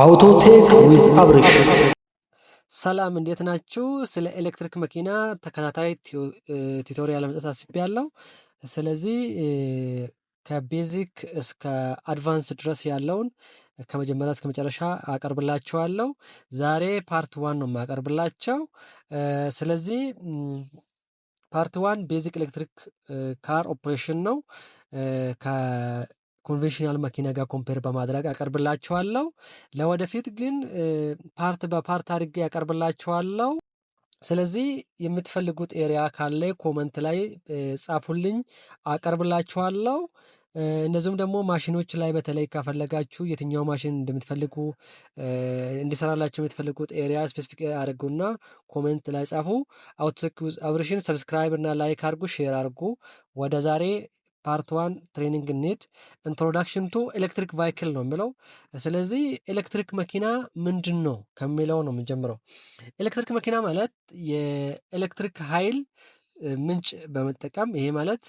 አውቶቴክ ዊዝ አብሪሽ። ሰላም፣ እንዴት ናችሁ? ስለ ኤሌክትሪክ መኪና ተከታታይ ቱቶሪያል ለመስጠት ያለው። ስለዚህ ከቤዚክ እስከ አድቫንስ ድረስ ያለውን ከመጀመሪያ እስከ መጨረሻ አቀርብላችኋለሁ። ዛሬ ፓርት ዋን ነው የማቀርብላቸው። ስለዚህ ፓርት ዋን ቤዚክ ኤሌክትሪክ ካር ኦፕሬሽን ነው። ኮንቬንሽናል መኪና ጋር ኮምፔር በማድረግ አቀርብላችኋለሁ። ለወደፊት ግን ፓርት በፓርት አድርጌ አቀርብላችኋለሁ። ስለዚህ የምትፈልጉት ኤሪያ ካለ ኮመንት ላይ ጻፉልኝ፣ አቀርብላችኋለሁ። እነዚሁም ደግሞ ማሽኖች ላይ በተለይ ካፈለጋችሁ የትኛው ማሽን እንደምትፈልጉ እንዲሰራላችሁ የምትፈልጉት ኤሪያ ስፔሲፊክ አድርጉና ኮመንት ላይ ጻፉ። አውቶክ አብሬሽን ሰብስክራይብ እና ላይክ አድርጉ፣ ሼር አድርጉ። ወደ ዛሬ ፓርት ዋን ትሬኒንግ እንሄድ ኢንትሮዳክሽን ቱ ኤሌክትሪክ ቫይክል ነው የሚለው። ስለዚህ ኤሌክትሪክ መኪና ምንድን ነው ከሚለው ነው የምንጀምረው። ኤሌክትሪክ መኪና ማለት የኤሌክትሪክ ኃይል ምንጭ በመጠቀም ይሄ ማለት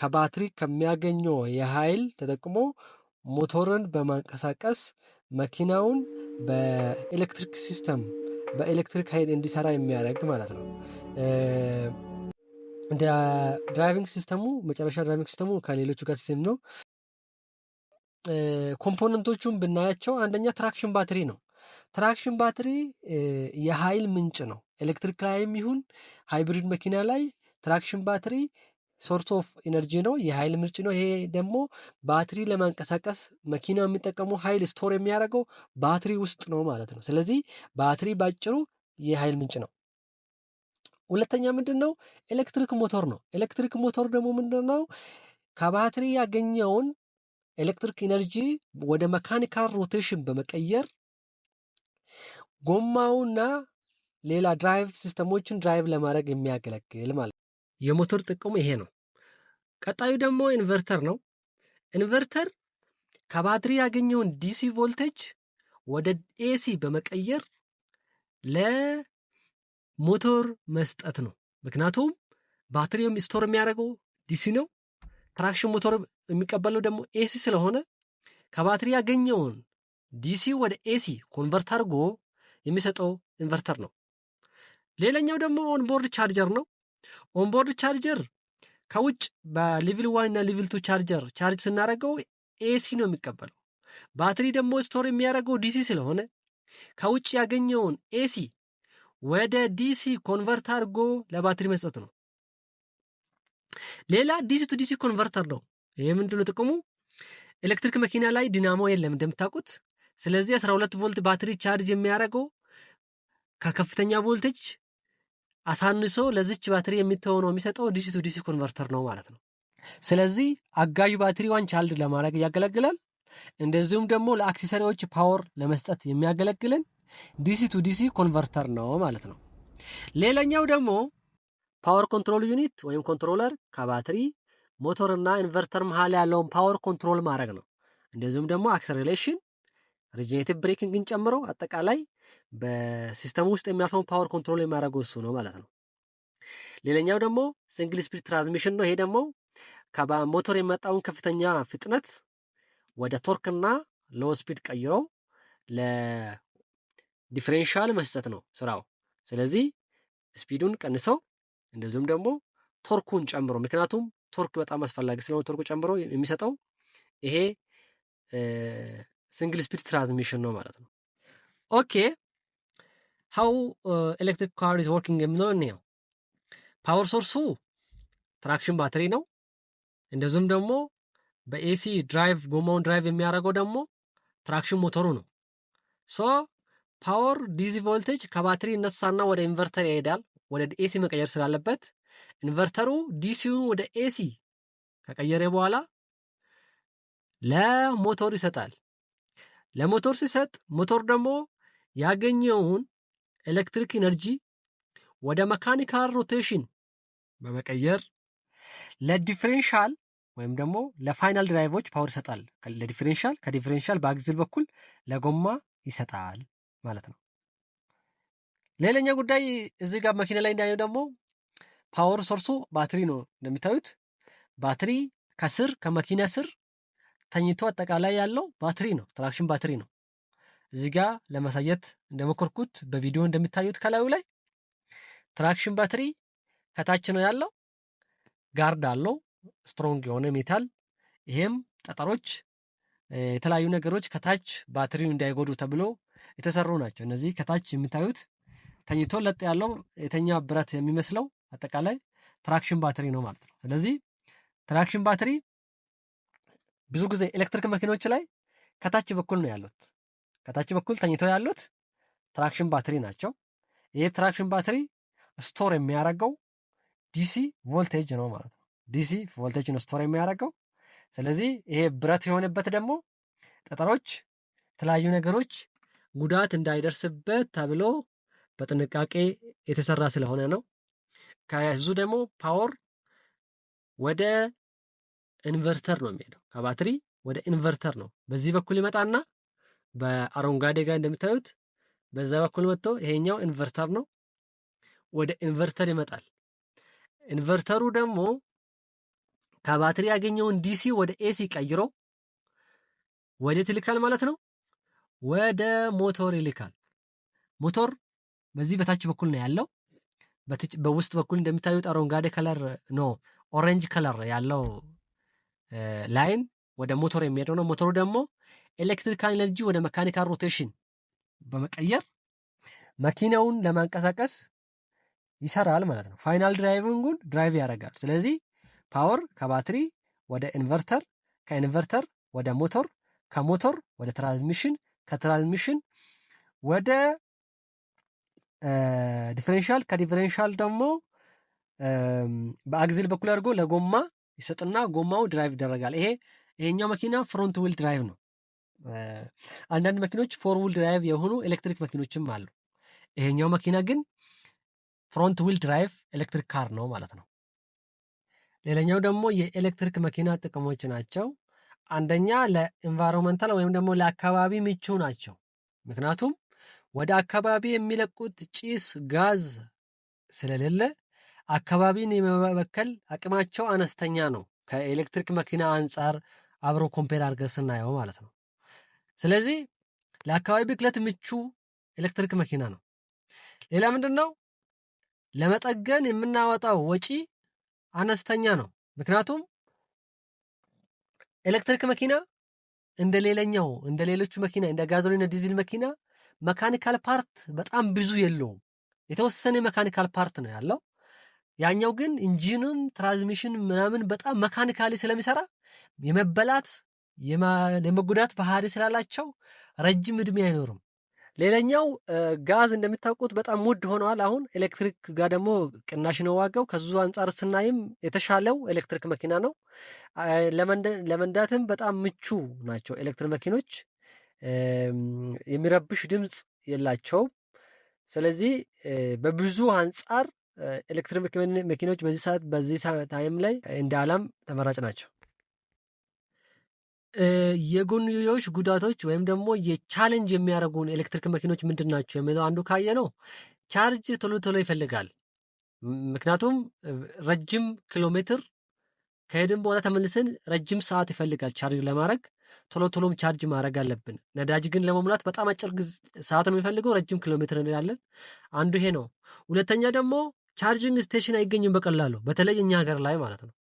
ከባትሪ ከሚያገኘው የኃይል ተጠቅሞ ሞቶርን በማንቀሳቀስ መኪናውን በኤሌክትሪክ ሲስተም በኤሌክትሪክ ኃይል እንዲሰራ የሚያደርግ ማለት ነው። እንደ ድራይቪንግ ሲስተሙ መጨረሻ ድራይቪንግ ሲስተሙ ከሌሎቹ ጋር ሲስም ነው። ኮምፖነንቶቹን ብናያቸው አንደኛ ትራክሽን ባትሪ ነው። ትራክሽን ባትሪ የኃይል ምንጭ ነው። ኤሌክትሪክ ላይም ይሁን ሃይብሪድ መኪና ላይ ትራክሽን ባትሪ ሶርት ኦፍ ኢነርጂ ነው፣ የኃይል ምንጭ ነው። ይሄ ደግሞ ባትሪ ለማንቀሳቀስ መኪናው የሚጠቀሙ ሀይል ስቶር የሚያደርገው ባትሪ ውስጥ ነው ማለት ነው። ስለዚህ ባትሪ ባጭሩ የሀይል ምንጭ ነው። ሁለተኛ ምንድን ነው ኤሌክትሪክ ሞተር ነው። ኤሌክትሪክ ሞተር ደግሞ ምንድን ነው ከባትሪ ያገኘውን ኤሌክትሪክ ኢነርጂ ወደ መካኒካል ሮቴሽን በመቀየር ጎማውና ሌላ ድራይቭ ሲስተሞችን ድራይቭ ለማድረግ የሚያገለግል ማለት ነው። የሞተር ጥቅሙ ይሄ ነው። ቀጣዩ ደግሞ ኢንቨርተር ነው። ኢንቨርተር ከባትሪ ያገኘውን ዲሲ ቮልቴጅ ወደ ኤሲ በመቀየር ለ ሞተር መስጠት ነው። ምክንያቱም ባትሪው ስቶር የሚያደርገው ዲሲ ነው። ትራክሽን ሞተር የሚቀበለው ደግሞ ኤሲ ስለሆነ ከባትሪ ያገኘውን ዲሲ ወደ ኤሲ ኮንቨርት አድርጎ የሚሰጠው ኢንቨርተር ነው። ሌላኛው ደግሞ ኦንቦርድ ቻርጀር ነው። ኦንቦርድ ቻርጀር ከውጭ በሊቪል ዋን እና ሊቪል ቱ ቻርጀር ቻርጅ ስናደርገው ኤሲ ነው የሚቀበለው። ባትሪ ደግሞ ስቶር የሚያደርገው ዲሲ ስለሆነ ከውጭ ያገኘውን ኤሲ ወደ ዲሲ ኮንቨርት አድርጎ ለባትሪ መስጠት ነው። ሌላ ዲሲ ቱ ዲሲ ኮንቨርተር ነው። ይህ ምንድነው ጥቅሙ? ኤሌክትሪክ መኪና ላይ ዲናሞ የለም እንደምታውቁት። ስለዚህ 12 ቮልት ባትሪ ቻርጅ የሚያደርገው ከከፍተኛ ቮልቴጅ አሳንሶ ለዚች ባትሪ የሚተወው ነው የሚሰጠው ዲሲ ቱ ዲሲ ኮንቨርተር ነው ማለት ነው። ስለዚህ አጋዥ ባትሪዋን ቻልድ ለማድረግ ያገለግላል። እንደዚሁም ደግሞ ለአክሴሰሪዎች ፓወር ለመስጠት የሚያገለግልን ዲሲ ቱ ዲሲ ኮንቨርተር ነው ማለት ነው። ሌላኛው ደግሞ ፓወር ኮንትሮል ዩኒት ወይም ኮንትሮለር ከባትሪ ሞተርና ኢንቨርተር መሃል ያለውን ፓወር ኮንትሮል ማድረግ ነው። እንደዚሁም ደግሞ አክሰሬሌሽን ሪጅኔቲቭ ብሬኪንግን ጨምሮ አጠቃላይ በሲስተም ውስጥ የሚያልፈውን ፓወር ኮንትሮል የሚያደርገው እሱ ነው ማለት ነው። ሌላኛው ደግሞ ሲንግል ስፒድ ትራንስሚሽን ነው። ይሄ ደግሞ ከሞተር የመጣውን ከፍተኛ ፍጥነት ወደ ቶርክና ሎ ስፒድ ቀይረው ዲፍሬንሻል መስጠት ነው ስራው። ስለዚህ ስፒዱን ቀንሰው እንደዚሁም ደግሞ ቶርኩን ጨምሮ፣ ምክንያቱም ቶርክ በጣም አስፈላጊ ስለሆነ ቶርኩ ጨምሮ የሚሰጠው ይሄ ሲንግል ስፒድ ትራንስሚሽን ነው ማለት ነው። ኦኬ ሀው ኤሌክትሪክ ካር ኢዝ ወርኪንግ የምለው እንየው። ፓወር ሶርሱ ትራክሽን ባትሪ ነው። እንደዚሁም ደግሞ በኤሲ ድራይቭ ጎማውን ድራይቭ የሚያደርገው ደግሞ ትራክሽን ሞተሩ ነው ሶ ፓወር ዲዚ ቮልቴጅ ከባትሪ ይነሳና ወደ ኢንቨርተር ይሄዳል። ወደ ኤሲ መቀየር ስላለበት ኢንቨርተሩ ዲሲውን ወደ ኤሲ ከቀየረ በኋላ ለሞተር ይሰጣል። ለሞተር ሲሰጥ ሞተር ደግሞ ያገኘውን ኤሌክትሪክ ኢነርጂ ወደ መካኒካል ሮቴሽን በመቀየር ለዲፍሬንሻል ወይም ደግሞ ለፋይናል ድራይቮች ፓወር ይሰጣል። ለዲፍሬንሻል ከዲፍሬንሻል በአግዝል በኩል ለጎማ ይሰጣል ማለት ነው። ሌላኛው ጉዳይ እዚህ ጋር መኪና ላይ እንዳየው ደግሞ ፓወር ሶርሱ ባትሪ ነው። እንደሚታዩት ባትሪ ከስር ከመኪና ስር ተኝቶ አጠቃላይ ያለው ባትሪ ነው፣ ትራክሽን ባትሪ ነው። እዚህ ጋር ለማሳየት እንደሞከርኩት በቪዲዮ እንደሚታዩት ከላዩ ላይ ትራክሽን ባትሪ ከታች ነው ያለው። ጋርድ አለው ስትሮንግ የሆነ ሜታል። ይሄም ጠጠሮች፣ የተለያዩ ነገሮች ከታች ባትሪው እንዳይጎዱ ተብሎ የተሰሩ ናቸው። እነዚህ ከታች የምታዩት ተኝቶ ለጥ ያለው የተኛ ብረት የሚመስለው አጠቃላይ ትራክሽን ባትሪ ነው ማለት ነው። ስለዚህ ትራክሽን ባትሪ ብዙ ጊዜ ኤሌክትሪክ መኪኖች ላይ ከታች በኩል ነው ያሉት። ከታች በኩል ተኝተው ያሉት ትራክሽን ባትሪ ናቸው። ይሄ ትራክሽን ባትሪ ስቶር የሚያደርገው ዲሲ ቮልቴጅ ነው ማለት ነው። ዲሲ ቮልቴጅ ነው ስቶር የሚያደርገው። ስለዚህ ይሄ ብረት የሆነበት ደግሞ ጠጠሮች፣ የተለያዩ ነገሮች ጉዳት እንዳይደርስበት ተብሎ በጥንቃቄ የተሰራ ስለሆነ ነው። ከዙ ደግሞ ፓወር ወደ ኢንቨርተር ነው የሚሄደው። ከባትሪ ወደ ኢንቨርተር ነው በዚህ በኩል ይመጣና በአረንጓዴ ጋር እንደምታዩት በዛ በኩል መጥቶ ይሄኛው ኢንቨርተር ነው። ወደ ኢንቨርተር ይመጣል። ኢንቨርተሩ ደግሞ ከባትሪ ያገኘውን ዲሲ ወደ ኤሲ ቀይሮ ወዴት ይልካል ማለት ነው? ወደ ሞተር ይልካል። ሞተር በዚህ በታች በኩል ነው ያለው። በውስጥ በኩል እንደሚታዩት አረንጓዴ ከለር ኖ ኦሬንጅ ከለር ያለው ላይን ወደ ሞተር የሚሄደው ነው። ሞተሩ ደግሞ ኤሌክትሪካል ኤነርጂ ወደ መካኒካል ሮቴሽን በመቀየር መኪናውን ለማንቀሳቀስ ይሰራል ማለት ነው። ፋይናል ድራይቪንጉን ድራይቭ ያደርጋል። ስለዚህ ፓወር ከባትሪ ወደ ኢንቨርተር፣ ከኢንቨርተር ወደ ሞተር ከሞተር ወደ ትራንስሚሽን ከትራንስሚሽን ወደ ዲፈረንሻል ከዲፈረንሻል ደግሞ በአግዚል በኩል አድርጎ ለጎማ ይሰጥና ጎማው ድራይቭ ይደረጋል። ይሄ ይሄኛው መኪና ፍሮንት ዊል ድራይቭ ነው። አንዳንድ መኪኖች ፎር ዊል ድራይቭ የሆኑ ኤሌክትሪክ መኪኖችም አሉ። ይሄኛው መኪና ግን ፍሮንት ዊል ድራይቭ ኤሌክትሪክ ካር ነው ማለት ነው። ሌላኛው ደግሞ የኤሌክትሪክ መኪና ጥቅሞች ናቸው። አንደኛ ለኢንቫይሮንመንታል ወይም ደግሞ ለአካባቢ ምቹ ናቸው። ምክንያቱም ወደ አካባቢ የሚለቁት ጭስ፣ ጋዝ ስለሌለ አካባቢን የመበከል አቅማቸው አነስተኛ ነው። ከኤሌክትሪክ መኪና አንጻር አብሮ ኮምፔር አድርገን ስናየው ማለት ነው። ስለዚህ ለአካባቢ ብክለት ምቹ ኤሌክትሪክ መኪና ነው። ሌላ ምንድን ነው? ለመጠገን የምናወጣው ወጪ አነስተኛ ነው። ምክንያቱም ኤሌክትሪክ መኪና እንደ ሌለኛው እንደ ሌሎቹ መኪና እንደ ጋዞሊን ዲዝል መኪና መካኒካል ፓርት በጣም ብዙ የለውም። የተወሰነ መካኒካል ፓርት ነው ያለው። ያኛው ግን ኢንጂኑም ትራንስሚሽን ምናምን በጣም መካኒካሊ ስለሚሰራ የመበላት የመጉዳት ባህሪ ስላላቸው ረጅም እድሜ አይኖርም። ሌላኛው ጋዝ እንደምታውቁት በጣም ውድ ሆነዋል። አሁን ኤሌክትሪክ ጋር ደግሞ ቅናሽ ነው ዋጋው። ከዙ አንጻር ስናይም የተሻለው ኤሌክትሪክ መኪና ነው። ለመንዳትም በጣም ምቹ ናቸው ኤሌክትሪክ መኪኖች። የሚረብሽ ድምፅ የላቸውም። ስለዚህ በብዙ አንጻር ኤሌክትሪክ መኪኖች በዚህ ሰዓት በዚህ ታይም ላይ እንደ አላም ተመራጭ ናቸው። የጎንዮሽ ጉዳቶች ወይም ደግሞ የቻለንጅ የሚያደርጉን ኤሌክትሪክ መኪኖች ምንድን ናቸው የሚለው አንዱ ካየ ነው ቻርጅ ቶሎ ቶሎ ይፈልጋል። ምክንያቱም ረጅም ኪሎ ሜትር ከሄድን በኋላ ተመልሰን ረጅም ሰዓት ይፈልጋል ቻርጅ ለማድረግ። ቶሎ ቶሎም ቻርጅ ማድረግ አለብን። ነዳጅ ግን ለመሙላት በጣም አጭር ሰዓት ነው የሚፈልገው፣ ረጅም ኪሎ ሜትር እንላለን። አንዱ ይሄ ነው። ሁለተኛ ደግሞ ቻርጅንግ ስቴሽን አይገኝም በቀላሉ በተለይ እኛ ሀገር ላይ ማለት ነው።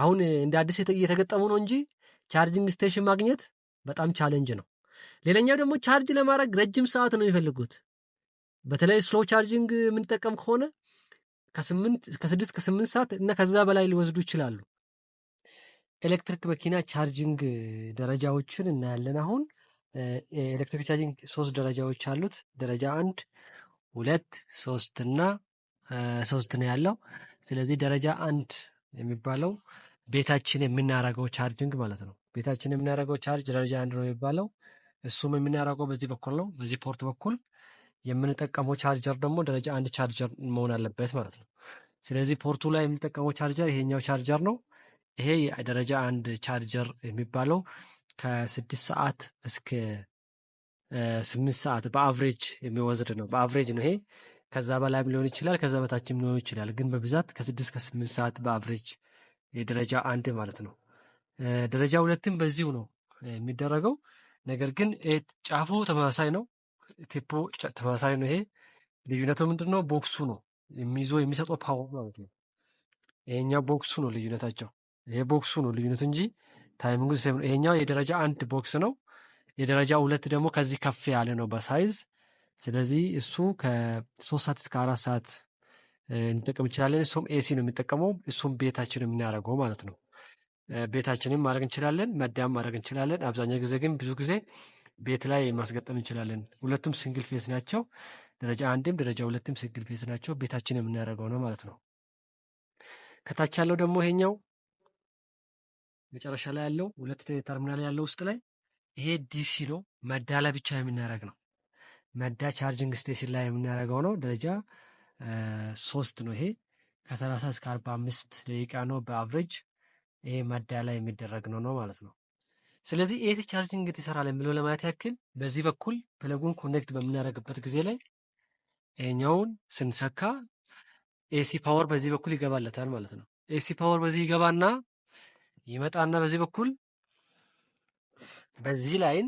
አሁን እንደ አዲስ እየተገጠሙ ነው እንጂ ቻርጅንግ ስቴሽን ማግኘት በጣም ቻለንጅ ነው። ሌላኛው ደግሞ ቻርጅ ለማድረግ ረጅም ሰዓት ነው የሚፈልጉት። በተለይ ስሎ ቻርጅንግ የምንጠቀም ከሆነ ከስድስት ከስምንት ሰዓት እና ከዛ በላይ ሊወስዱ ይችላሉ። ኤሌክትሪክ መኪና ቻርጅንግ ደረጃዎችን እናያለን። አሁን ኤሌክትሪክ ቻርጅንግ ሶስት ደረጃዎች አሉት። ደረጃ አንድ፣ ሁለት፣ ሶስት እና ሶስት ነው ያለው። ስለዚህ ደረጃ አንድ የሚባለው ቤታችን የምናደርገው ቻርጅንግ ማለት ነው። ቤታችን የምናደርገው ቻርጅ ደረጃ አንድ ነው የሚባለው። እሱም የምናደርገው በዚህ በኩል ነው፣ በዚህ ፖርት በኩል የምንጠቀመው ቻርጀር ደግሞ ደረጃ አንድ ቻርጀር መሆን አለበት ማለት ነው። ስለዚህ ፖርቱ ላይ የምንጠቀመው ቻርጀር ይሄኛው ቻርጀር ነው። ይሄ ደረጃ አንድ ቻርጀር የሚባለው ከስድስት ሰዓት እስከ ስምንት ሰዓት በአቭሬጅ የሚወስድ ነው። በአቭሬጅ ነው ይሄ። ከዛ በላይም ሊሆን ይችላል፣ ከዛ በታችም ሊሆን ይችላል። ግን በብዛት ከስድስት ከስምንት ሰዓት በአቭሬጅ የደረጃ አንድ ማለት ነው። ደረጃ ሁለትም በዚሁ ነው የሚደረገው። ነገር ግን ጫፉ ተመሳሳይ ነው፣ ቴፖ ተመሳሳይ ነው። ይሄ ልዩነቱ ምንድን ነው? ቦክሱ ነው የሚይዞ የሚሰጠው ፓወር ማለት ነው። ይሄኛው ቦክሱ ነው ልዩነታቸው። ይሄ ቦክሱ ነው ልዩነቱ እንጂ ታይሚንግ ሴም ነው። ይሄኛው የደረጃ አንድ ቦክስ ነው። የደረጃ ሁለት ደግሞ ከዚህ ከፍ ያለ ነው በሳይዝ። ስለዚህ እሱ ከሶስት ሰዓት እስከ አራት ሰዓት እንጠቀም እንችላለን። እሱም ኤሲ ነው የሚጠቀመው። እሱም ቤታችን የምናደርገው ማለት ነው። ቤታችንም ማድረግ እንችላለን፣ መዳም ማድረግ እንችላለን። አብዛኛው ጊዜ ግን ብዙ ጊዜ ቤት ላይ ማስገጠም እንችላለን። ሁለቱም ሲንግል ፌስ ናቸው። ደረጃ አንድም ደረጃ ሁለትም ሲንግል ፌስ ናቸው። ቤታችን የምናደርገው ነው ማለት ነው። ከታች ያለው ደግሞ ይሄኛው መጨረሻ ላይ ያለው ሁለት ተርሚናል ያለው ውስጥ ላይ ይሄ ዲሲ ነው። መዳ ላይ ብቻ የምናደርግ ነው። መዳ ቻርጅንግ ስቴሽን ላይ የምናደርገው ነው። ደረጃ ሶስት ነው ይሄ ከሰላሳ እስከ አርባ አምስት ደቂቃ ነው በአቨሬጅ ይሄ ማዳ ላይ የሚደረግ ነው ነው ማለት ነው። ስለዚህ ኤሲ ቻርጅንግ ይሰራል የሚለው ለማለት ያክል በዚህ በኩል ፕለጉን ኮኔክት በምናደርግበት ጊዜ ላይ ይሄኛውን ስንሰካ ኤሲ ፓወር በዚህ በኩል ይገባለታል ማለት ነው። ኤሲ ፓወር በዚህ ይገባና ይመጣና በዚህ በኩል በዚህ ላይን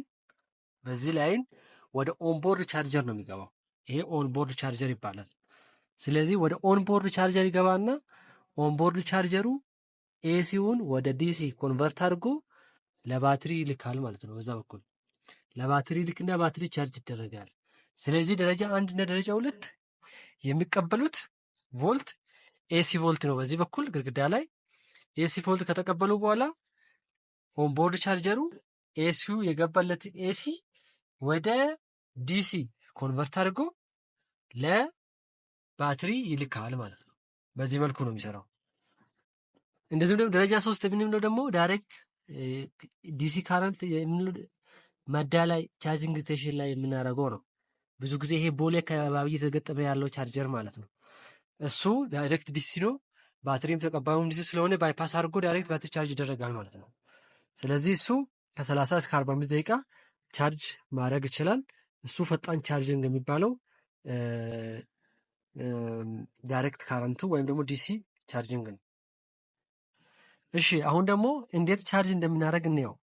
በዚህ ላይን ወደ ኦንቦርድ ቻርጀር ነው የሚገባው። ይሄ ኦንቦርድ ቻርጀር ይባላል። ስለዚህ ወደ ኦንቦርድ ቻርጀር ይገባና ኦንቦርድ ቻርጀሩ ኤሲውን ወደ ዲሲ ኮንቨርት አድርጎ ለባትሪ ይልካል ማለት ነው። በዛ በኩል ለባትሪ ይልክና ባትሪ ቻርጅ ይደረጋል። ስለዚህ ደረጃ አንድ እና ደረጃ ሁለት የሚቀበሉት ቮልት ኤሲ ቮልት ነው። በዚህ በኩል ግድግዳ ላይ ኤሲ ቮልት ከተቀበሉ በኋላ ኦንቦርድ ቻርጀሩ ኤሲዩ የገባለትን ኤሲ ወደ ዲሲ ኮንቨርት አድርጎ ለባትሪ ይልካል ማለት ነው። በዚህ መልኩ ነው የሚሰራው። እንደዚህ ደግሞ ደረጃ ሶስት የምንለው ደግሞ ዳይሬክት ዲሲ ካረንት የምንለው ማዳ ላይ ቻርጅንግ ስቴሽን ላይ የምናደርገው ነው። ብዙ ጊዜ ይሄ ቦሌ አካባቢ እየተገጠመ ያለው ቻርጀር ማለት ነው። እሱ ዳይሬክት ዲሲ ነው። ባትሪም ተቀባዩም ዲሲ ስለሆነ ባይፓስ አድርጎ ዳይሬክት ባትሪ ቻርጅ ይደረጋል ማለት ነው። ስለዚህ እሱ ከ30 እስከ 45 ደቂቃ ቻርጅ ማድረግ ይችላል። እሱ ፈጣን ቻርጅንግ የሚባለው ዳይሬክት ካረንቱ ወይም ደግሞ ዲሲ ቻርጅንግ ነው። እሺ አሁን ደግሞ እንዴት ቻርጅ እንደምናደርግ እንየው።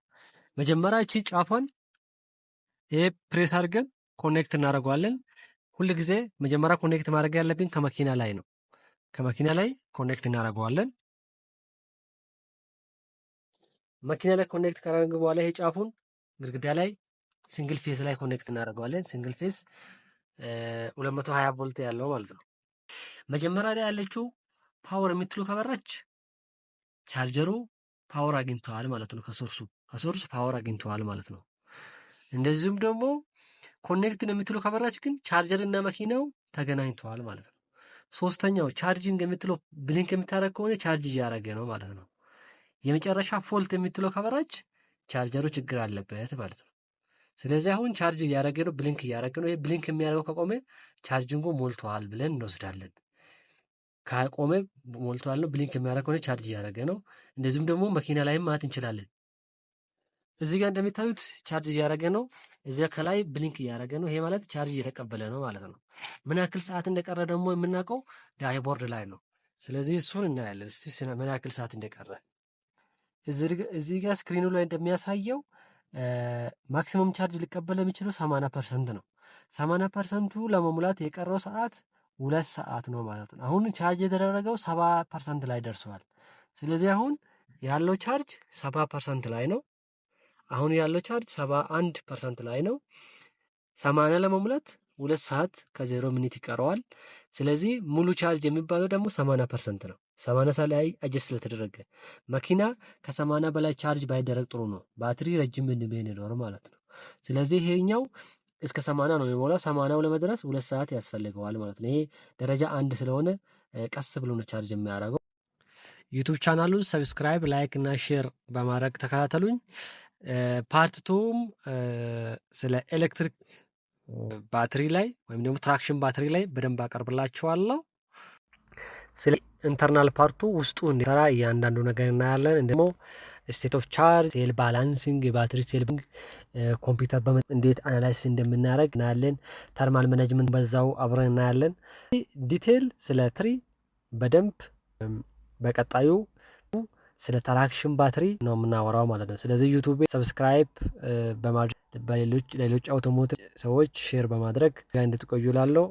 መጀመሪያ እቺ ጫፏን ይሄ ፕሬስ አድርገን ኮኔክት እናደርገዋለን። ሁል ጊዜ መጀመሪያ ኮኔክት ማድረግ ያለብን ከመኪና ላይ ነው። ከመኪና ላይ ኮኔክት እናደርገዋለን። መኪና ላይ ኮኔክት ካደረግ በኋላ ይሄ ጫፉን ግድግዳ ላይ ሲንግል ፌስ ላይ ኮኔክት እናደርገዋለን። ሲንግል ፌስ 220 ቮልት ያለው ማለት ነው። መጀመሪያ ላይ ያለችው ፓወር የምትሉ ከበራች ቻርጀሩ ፓወር አግኝተዋል ማለት ነው። ከሶርሱ ከሶርሱ ፓወር አግኝተዋል ማለት ነው። እንደዚሁም ደግሞ ኮኔክትን የምትለው ከበራች ግን ቻርጀር እና መኪናው ተገናኝተዋል ማለት ነው። ሶስተኛው ቻርጅንግ የምትለው ብሊንክ የምታደረግ ከሆነ ቻርጅ እያደረገ ነው ማለት ነው። የመጨረሻ ፎልት የምትለው ከበራች ቻርጀሩ ችግር አለበት ማለት ነው። ስለዚህ አሁን ቻርጅ እያደረገ ነው፣ ብሊንክ እያደረገ ነው። ይሄ ብሊንክ የሚያደርገው ከቆመ ቻርጅንጉ ሞልተዋል ብለን እንወስዳለን። ካቆመ ሞልቷል ነው። ብሊንክ የሚያደርግ ከሆነ ቻርጅ እያደረገ ነው። እንደዚሁም ደግሞ መኪና ላይም ማት እንችላለን። እዚህ ጋር እንደሚታዩት ቻርጅ እያደረገ ነው። እዚ ከላይ ብሊንክ እያደረገ ነው። ይሄ ማለት ቻርጅ እየተቀበለ ነው ማለት ነው። ምን ያክል ሰዓት እንደቀረ ደግሞ የምናውቀው ዳይቦርድ ላይ ነው። ስለዚህ እሱን እናያለን። እስቲ ምን ያክል ሰዓት እንደቀረ እዚህ ጋር ስክሪኑ ላይ እንደሚያሳየው ማክሲመም ቻርጅ ሊቀበል የሚችለው ሰማንያ ፐርሰንት ነው። ሰማንያ ፐርሰንቱ ለመሙላት የቀረው ሰዓት ሁለት ሰዓት ነው ማለት ነው። አሁን ቻርጅ የተደረገው ሰባ ፐርሰንት ላይ ደርሰዋል። ስለዚህ አሁን ያለው ቻርጅ ሰባ ፐርሰንት ላይ ነው። አሁን ያለው ቻርጅ ሰባ አንድ ፐርሰንት ላይ ነው። ሰማንያ ለመሙላት ሁለት ሰዓት ከዜሮ ሚኒት ይቀረዋል። ስለዚህ ሙሉ ቻርጅ የሚባለው ደግሞ ሰማንያ ፐርሰንት ነው። ሰማንያ ሰዓት ላይ አጀስ ስለተደረገ መኪና ከሰማንያ በላይ ቻርጅ ባይደረግ ጥሩ ነው። ባትሪ ረጅም እድሜ ይኖረዋል ማለት ነው። ስለዚህ ይሄኛው እስከ ሰማንያ ነው የሚሞላው። ሰማንያው ለመድረስ ሁለት ሰዓት ያስፈልገዋል ማለት ነው። ይሄ ደረጃ አንድ ስለሆነ ቀስ ብሎ ነው ቻርጅ የሚያደርገው። ዩቱብ ቻናሉን ሰብስክራይብ፣ ላይክ እና ሼር በማድረግ ተከታተሉኝ። ፓርትቱም ስለ ኤሌክትሪክ ባትሪ ላይ ወይም ደግሞ ትራክሽን ባትሪ ላይ በደንብ አቀርብላችኋለሁ። ስለ ኢንተርናል ፓርቱ ውስጡ እንዲሰራ እያንዳንዱ ነገር እናያለን ደግሞ ስቴት ኦፍ ቻርጅ፣ ሴል ባላንሲንግ፣ የባትሪ ሴል ኮምፒውተር እንዴት አናላይስ እንደምናደረግ እናያለን። ተርማል ማናጅመንት በዛው አብረን እናያለን። ዲቴል ስለ ትሪ በደንብ በቀጣዩ ስለ ተራክሽን ባትሪ ነው የምናወራው ማለት ነው። ስለዚህ ዩቱብ ሰብስክራይብ በማድረግ በሌሎች ለሌሎች አውቶሞቲቭ ሰዎች ሼር በማድረግ ጋር እንድትቆዩ ላለው